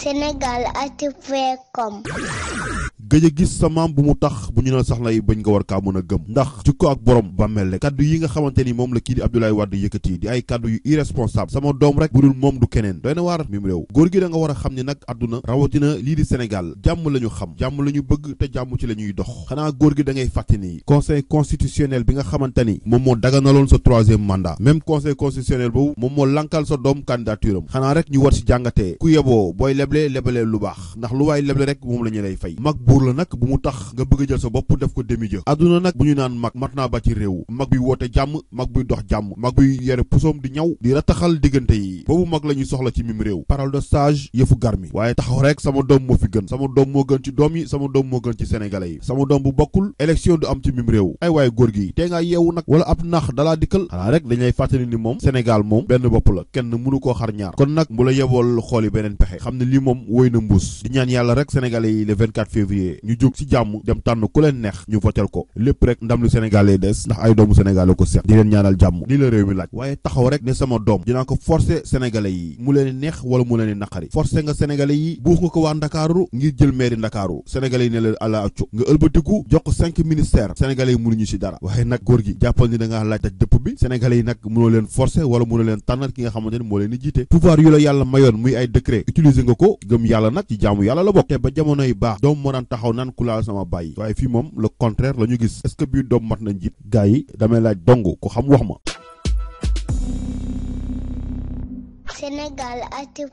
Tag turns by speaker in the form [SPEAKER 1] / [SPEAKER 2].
[SPEAKER 1] Sénégal at active.com gëjë gis sa maam bu mu tax bu ñu na sax lay bañ nga war ka mëna gëm ndax jikko ak borom melé kaddu yi nga xamanteni mom la ki di Abdoulaye Wade yëkëti di ay kaddu yu irresponsable sama dom rek bu dul mom du keneen doyna war mi gi da nga war xamni nak aduna rawatina li di Sénégal jamm lañu xam jamm lañu bëgg te jamm ci lañuy dox xana gor gi da ngay fatini conseil constitutionnel bi nga xamante ni moom moo daganaloon sa e mandat même conseil constitutionnel bu mom mo lankal sa dom candidature xana rek ñu war si jàngatee ku yebo boy leble lebalee lu baax ndax lu way leble rek mom lañu lay fay mak bu buur la nak bu mu tax nga bëgg jël sa bop def ko demi jeuf aduna nak bu ñu naan mag matna ba ci rew mag bi wote jàmm mag bi dox jàmm mag bi yere pousom di ñaw di rataxal diggante yi bobu mag lañu soxla ci mim rew parole de sage yëfu garmi waye taxaw rek sama dom mo fi gën sama dom mo gën ci dom yi sama dom mo gën ci sénégalais yi sama dom bu bokul élection du am ci mim rew ay waaye gorgi gi té nga yewu nak wala ab nax dalaa dikkel ala rek dañay lay ni mom sénégal mom benn bop la kenn mënu ko xar ñaar kon nak mu la yebol xooli beneen di ñaan yalla rek sénégalais yi le 24 février février ñu jóg ci jàmm dem tànn ku leen neex ñu votel ko lépp rek ndam lu Sénégal des ndax ay doomu Sénégal ko seq di leen ñaanal jàmm li la réew mi laaj waaye taxaw rek ne sama doom dinaa ko forcer Sénégalais yi mu leen neex wala mu leen naqari forcer nga Sénégalais yi buux nga ko waa Ndakaaru ngir jël mairie Ndakaaru Sénégalais yi ne la àla accu nga ëlbatiku jox cinq ministères Sénégalais yi mënuñu ci dara waaye nag góor gi jàppal ni da ngaa laaj daj dëpp bi taxaw nan Kula sama baye waaye fi mom le contraire lañu ñu gis est-ce que bii doom mat na njiit gars yi damay laaj dongo ko xam wax ma. senegal actu